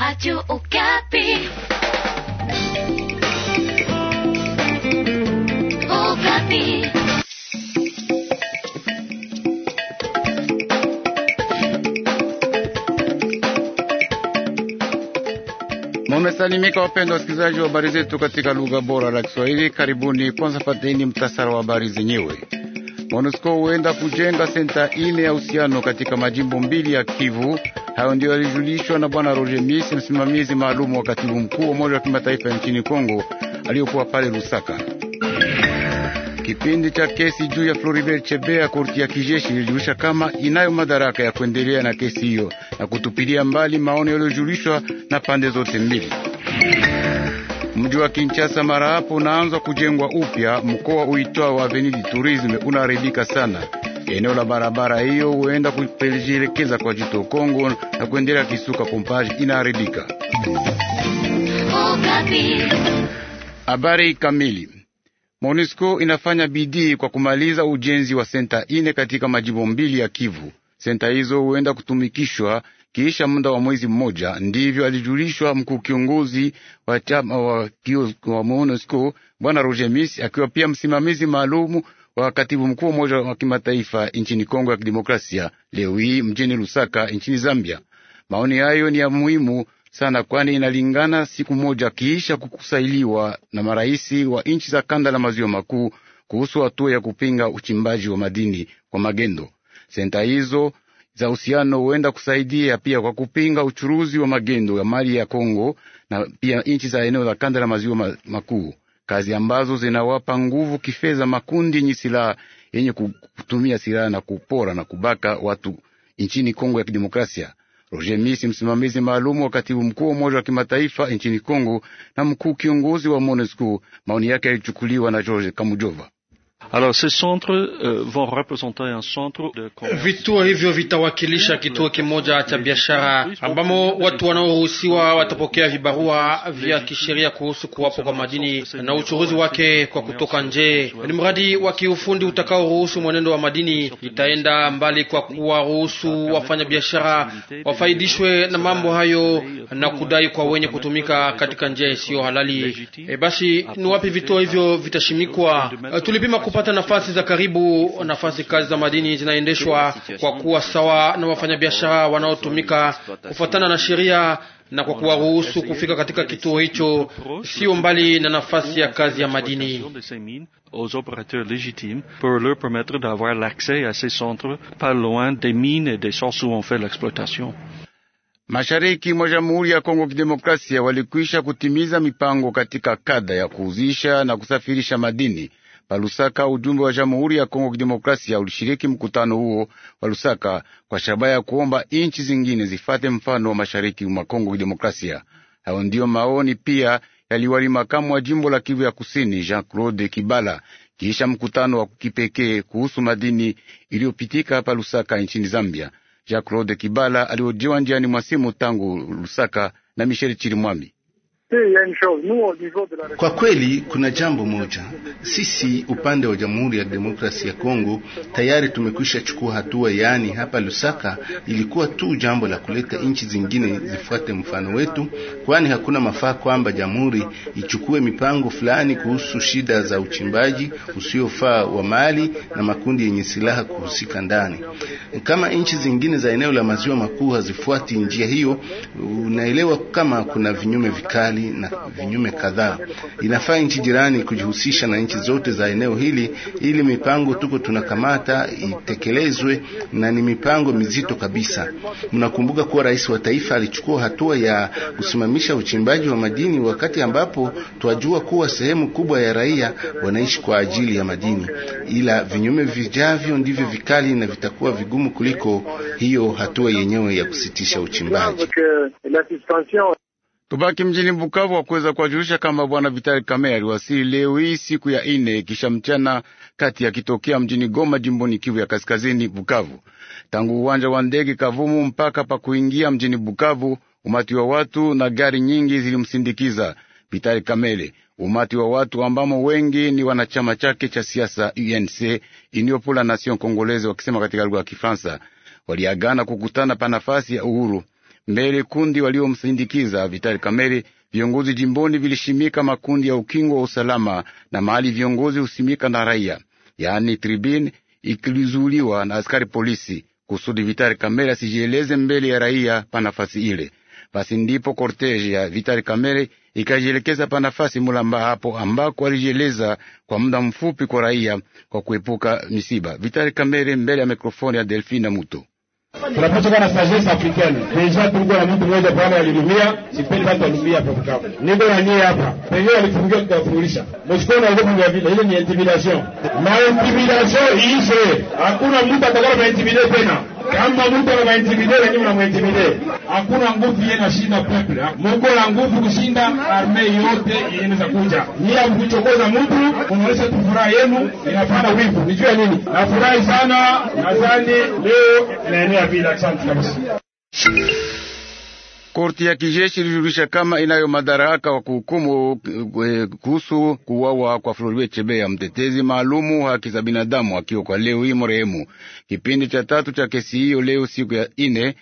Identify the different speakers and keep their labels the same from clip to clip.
Speaker 1: Radio Okapi. Okapi.
Speaker 2: Mumesalimika wapendwa wasikilizaji wa habari zetu katika lugha bora la Kiswahili. Karibuni. Kwanza pateni mtasara wa habari zenyewe. MONUSCO huenda kujenga senta ine ya uhusiano katika majimbo mbili ya Kivu Hayo ndio yalijulishwa na Bwana Roger Miss, msimamizi maalum wa katibu mkuu wa Umoja wa Kimataifa nchini Kongo aliyokuwa pale Lusaka. Kipindi cha kesi juu ya Floribert Chebea, korti ya kijeshi ilijulisha kama inayo madaraka ya kuendelea na kesi hiyo na kutupilia mbali maoni yaliyojulishwa na pande zote mbili. Mji wa Kinshasa mara hapo unaanza kujengwa upya. Mkoa wa Avenue du Tourisme unaharibika sana. Eneo la barabara hiyo huenda kulielekeza kwa Jito Kongo na kuendelea Kisuka kumpaji inaharibika. Habari kamili. monisco inafanya bidii kwa kumaliza ujenzi wa senta ine katika majimbo mbili ya Kivu. Senta hizo huenda kutumikishwa kisha muda wa mwezi mmoja, ndivyo alijulishwa mkuu kiongozi wa chama wa MONUSCO Bwana Roger Miss, akiwa pia msimamizi maalumu wa katibu mkuu wa Umoja wa Kimataifa nchini Kongo ya Kidemokrasia leo hii mjini Lusaka nchini Zambia. Maoni hayo ni ya muhimu sana, kwani inalingana siku moja kiisha kukusailiwa na marais wa nchi za kanda la maziwa makuu kuhusu hatua ya kupinga uchimbaji wa madini kwa magendo. Senta hizo za uhusiano huenda kusaidia pia kwa kupinga uchuruzi wa magendo ya mali ya Kongo na pia nchi za eneo la kanda la maziwa makuu kazi ambazo zinawapa nguvu kifedha makundi yenye silaha yenye kutumia silaha na kupora na kubaka watu nchini Kongo ya Kidemokrasia. Roger Misi, msimamizi maalumu wa katibu mkuu wa Umoja wa Kimataifa nchini Kongo na mkuu kiongozi wa MONUSCO, maoni yake yalichukuliwa na George Kamujova. Alors, ces centres euh, vont représenter un centre
Speaker 1: de
Speaker 3: vituo hivyo vitawakilisha kituo kimoja cha biashara ambamo watu wanaoruhusiwa watapokea vibarua vya kisheria kuhusu kuwapo kwa madini na uchuruzi wake kwa kutoka nje. Ni mradi wa kiufundi utakaoruhusu mwenendo wa madini, itaenda mbali kwa kuwaruhusu wafanyabiashara wafaidishwe na mambo hayo na kudai kwa wenye kutumika katika njia isiyo halali. E, basi ni wapi vituo hivyo vitashimikwa? Tulipima kupata nafasi za karibu, nafasi kazi za madini zinaendeshwa kwa kuwa sawa na wafanyabiashara wanaotumika kufuatana na sheria na kwa kuwaruhusu kufika katika kituo hicho sio mbali na nafasi ya kazi ya madini. Aux opérateurs légitimes pour leur permettre d'avoir l'accès à ces centres
Speaker 2: pas loin des mines et des sources où on fait l'exploitation. Mashariki mwa Jamhuri ya Kongo Kidemokrasia walikwisha kutimiza mipango katika kada ya kuuzisha na kusafirisha madini palusaka Ujumbe wa Jamhuri ya Kongo Kidemokrasia ulishiriki mkutano huo wa Lusaka kwa shabaha ya kuomba inchi zingine zifate mfano wa mashariki mwa Kongo Kidemokrasia. Hayo ndiyo maoni pia yaliwali makamu wa jimbo la Kivu ya Kusini Jean Claude Kibala kisha mkutano wa kipekee kuhusu madini iliyopitika hapa Lusaka nchini Zambia. Jean Claude Kibala aliojiwa njiani mwa simu tangu Lusaka na Michel Chirimwami. Kwa kweli kuna jambo moja, sisi upande wa Jamhuri ya Demokrasia ya Kongo tayari tumekwisha chukua hatua. Yaani hapa Lusaka ilikuwa tu jambo la kuleta nchi zingine zifuate mfano wetu, kwani hakuna mafaa kwamba jamhuri ichukue mipango fulani kuhusu shida za uchimbaji usiofaa wa mali na makundi yenye silaha kuhusika ndani. Kama nchi zingine za eneo la maziwa makuu hazifuati njia hiyo, unaelewa kama kuna vinyume vikali mbalimbali na vinyume kadhaa. Inafaa nchi jirani kujihusisha na nchi zote za eneo hili ili mipango tuko tunakamata itekelezwe, na ni mipango mizito kabisa. Mnakumbuka kuwa rais wa taifa alichukua hatua ya kusimamisha uchimbaji wa madini, wakati ambapo twajua kuwa sehemu kubwa ya raia wanaishi kwa ajili ya madini, ila vinyume vijavyo ndivyo vikali na vitakuwa vigumu kuliko hiyo hatua yenyewe ya kusitisha uchimbaji. Tubaki mjini Bukavu wa kuweza kuwajulisha kama bwana Vitali Kame aliwasili leo hii siku ya ine kisha mchana kati akitokea mjini Goma jimboni Kivu ya kaskazini Bukavu. Tangu uwanja wa ndege Kavumu mpaka pa kuingia mjini Bukavu, umati wa watu na gari nyingi zilimsindikiza Vitali Kamele. Umati wa watu ambamo wengi ni wanachama chake cha siasa UNC Union pour la Nation Congolaise, wakisema katika lugha ya Kifaransa, waliagana kukutana pa nafasi ya uhuru mbele kundi waliomsindikiza Vitali Kamere. Viongozi jimboni vilishimika makundi ya ukingo wa usalama na mahali viongozi husimika na raia, yaani tribune ikilizuuliwa na askari polisi kusudi Vitali Kamere asijieleze mbele ya raia pa nafasi ile. Basi ndipo korteji ya Vitali Kamere ikajielekeza pa nafasi Mulamba hapo ambako alijieleza kwa muda mfupi kwa raia kwa kuepuka misiba. Vitali Kamere mbele ya mikrofoni ya Delfina Muto. Tunapita na sagesse africaine. Deja tulikuwa na mtu mmoja bwana aliumia, sipendi watu waliumia hapo kwa. Niko na nyie hapa. Pengine alifungia kuwafungulisha. Mshikoni alikuwa mmoja vile, ile ni intimidation. Na intimidation iishe. Hakuna mtu atakayeintimidate tena. Kama mtu anawaintimidate lakini mnamwintimidate. Hakuna nguvu yeye nashinda peple, Mungu ana nguvu kushinda arme yote inaweza kuja. Yeye amkuchokoza mtu, unaonesha tu furaha yenu inafana wivu. Nijua nini? Nafurahi sana. Nadhani
Speaker 3: leo naenea bila asante kabisa.
Speaker 2: Korti ya kijeshi ilijulisha kama inayo madaraka wa kuhukumu eh, kuhusu kuwawa kwa Floribert Chebeya, mtetezi maalumu haki za binadamu, akiwa kwa leo hii marehemu. Kipindi cha tatu cha kesi hiyo leo siku ya ine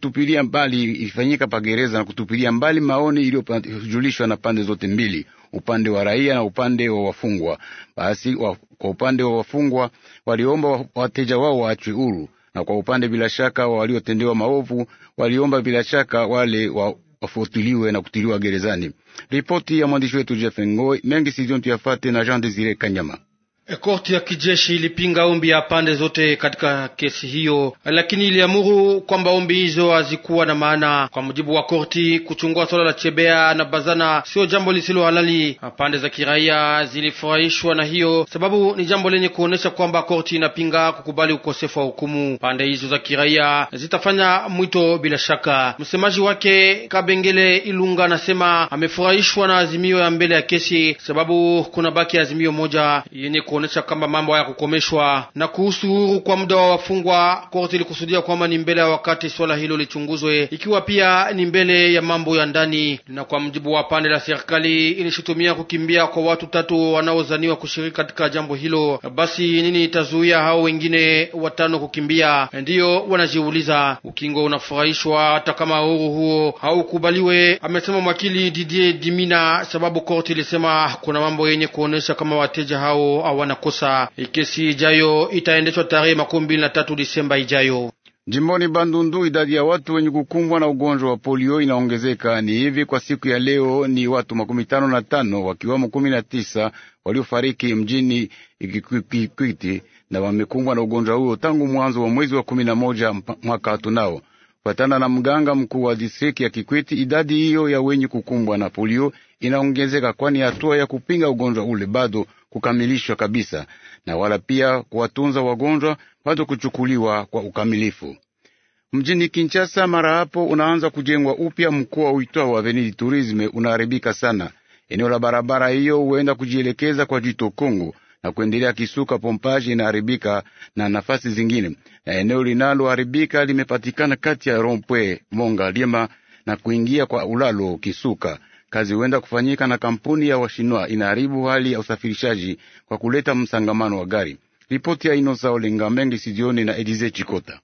Speaker 2: tupilia mbali, ilifanyika pagereza na kutupilia mbali maoni iliyojulishwa na pande zote mbili, upande wa raia na upande wa wafungwa. Basi wa, kwa upande wa wafungwa waliomba wateja wao waachwe huru na kwa upande bila shaka waliotendewa maovu waliomba bila shaka wale wa wafuatiliwe na kutiliwa gerezani. Ripoti ya mwandishi wetu Jeff Ngoi mengi sizion tuyafate na Jean Desire Kanyama.
Speaker 3: Eh, korti ya kijeshi ilipinga ombi ya pande zote katika kesi hiyo, lakini iliamuru kwamba ombi hizo hazikuwa na maana. Kwa mujibu wa korti, kuchungua swala la Chebea na Bazana sio jambo lisilo halali. Pande za kiraia zilifurahishwa na hiyo sababu ni jambo lenye kuonyesha kwamba korti inapinga kukubali ukosefu wa hukumu. Pande hizo za kiraia zitafanya mwito bila shaka. Msemaji wake Kabengele Ilunga anasema amefurahishwa na azimio ya mbele ya kesi sababu kuna baki azimio moja yenye kuonesha kama mambo haya kukomeshwa. Na kuhusu uru kwa muda wa wafungwa, korti ilikusudia kwamba ni mbele ya wakati swala hilo lichunguzwe, ikiwa pia ni mbele ya mambo ya ndani. Na kwa mjibu wa pande la serikali, ilishutumia kukimbia kwa watu tatu wanaozaniwa kushiriki katika jambo hilo. Basi nini itazuia hao wengine watano kukimbia? Ndiyo wanajiuliza. Ukingo unafurahishwa hata kama huru huo haukubaliwe, amesema mwakili Didier Dimina, sababu korti ilisema kuna mambo yenye kuonesha kama wateja hao wanakosa. Kesi ijayo itaendeshwa tarehe makumi mbili na tatu Disemba ijayo.
Speaker 2: Jimboni Bandundu, idadi ya watu wenye kukumbwa na ugonjwa wa polio inaongezeka. Ni hivi kwa siku ya leo ni watu makumi tano na tano wakiwamo kumi na tisa waliofariki mjini Ikikwiti na wamekumbwa na ugonjwa huo tangu mwanzo wa mwezi wa kumi na moja mwaka hatunao. Kufatana na mganga mkuu wa distrikti ya Kikwiti, idadi hiyo ya wenye kukumbwa na polio inaongezeka, kwani hatua ya kupinga ugonjwa ule bado kukamilishwa kabisa, na wala pia kuwatunza wagonjwa bado kuchukuliwa kwa ukamilifu. Mjini Kinshasa, mara hapo unaanza kujengwa upya mkoa wa Avenue turisme unaharibika sana. Eneo la barabara hiyo huenda kujielekeza kwa jito Kongo na kuendelea Kisuka Pompaji inaharibika na nafasi zingine, na eneo linaloharibika limepatikana kati ya Rompwe Monga Lima na kuingia kwa ulalo Kisuka. Kazi huenda kufanyika na kampuni ya Washinwa inaharibu hali ya usafirishaji kwa kuleta msangamano wa gari. Ripoti ya Inosa Olenga Mengi Sidioni na Edize Chikota.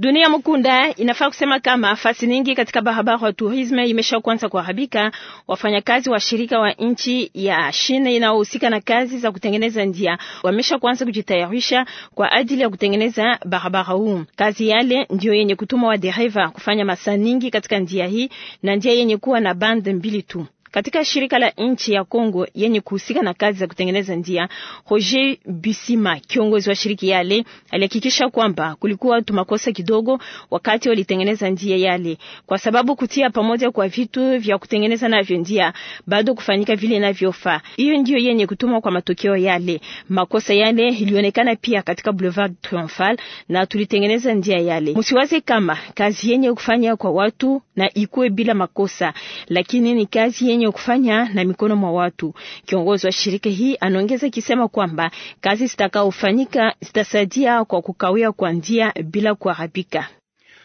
Speaker 1: Dunia Mukunda inafaa kusema kama fasi nyingi katika barabara wa turisme imesha kuanza kuharibika. Wafanyakazi wa shirika wa nchi ya shine inaohusika na kazi za kutengeneza njia wamesha kuanza kujitayarisha kwa ajili ya kutengeneza barabara huu. Kazi yale ndio yenye kutuma wa dereva kufanya masaa nyingi katika njia hii na njia yenye kuwa na bande mbili tu katika shirika la nchi ya Kongo yenye kuhusika na kazi za kutengeneza njia. Roger Bisima, kiongozi wa shiriki yale, alihakikisha kwamba kulikuwa tumakosa kidogo wakati walitengeneza njia yale, kwa sababu kutia pamoja kwa vitu vya kutengeneza navyo njia bado kufanyika vile inavyofaa. Hiyo ndio yenye kutuma kwa matokeo yale. Makosa yale ilionekana pia katika Boulevard Triomphal na tulitengeneza njia yale. Msiwaze kama kazi yenye kufanya kwa watu na ikuwe bila makosa, lakini ni kazi yenye yenye kufanya na mikono mwa watu. Kiongozi wa shirika hii anaongeza kisema kwamba kazi zitakaofanyika zitasaidia kwa kukawia kwa njia bila kuharibika.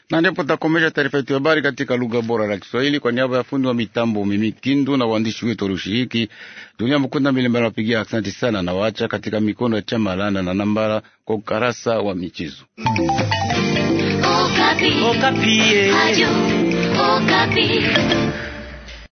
Speaker 2: Na ndipo takomesha taarifa yetu habari katika lugha bora la Kiswahili kwa niaba ya fundi wa mitambo Mimi Kindu na waandishi wetu Rushiriki Dunia Mkunda Mbalimbali, wapigia asante sana na waacha katika mikono ya Chamalana na Nambala kwa ukarasa wa michezo Okapi. Okapi. Eh.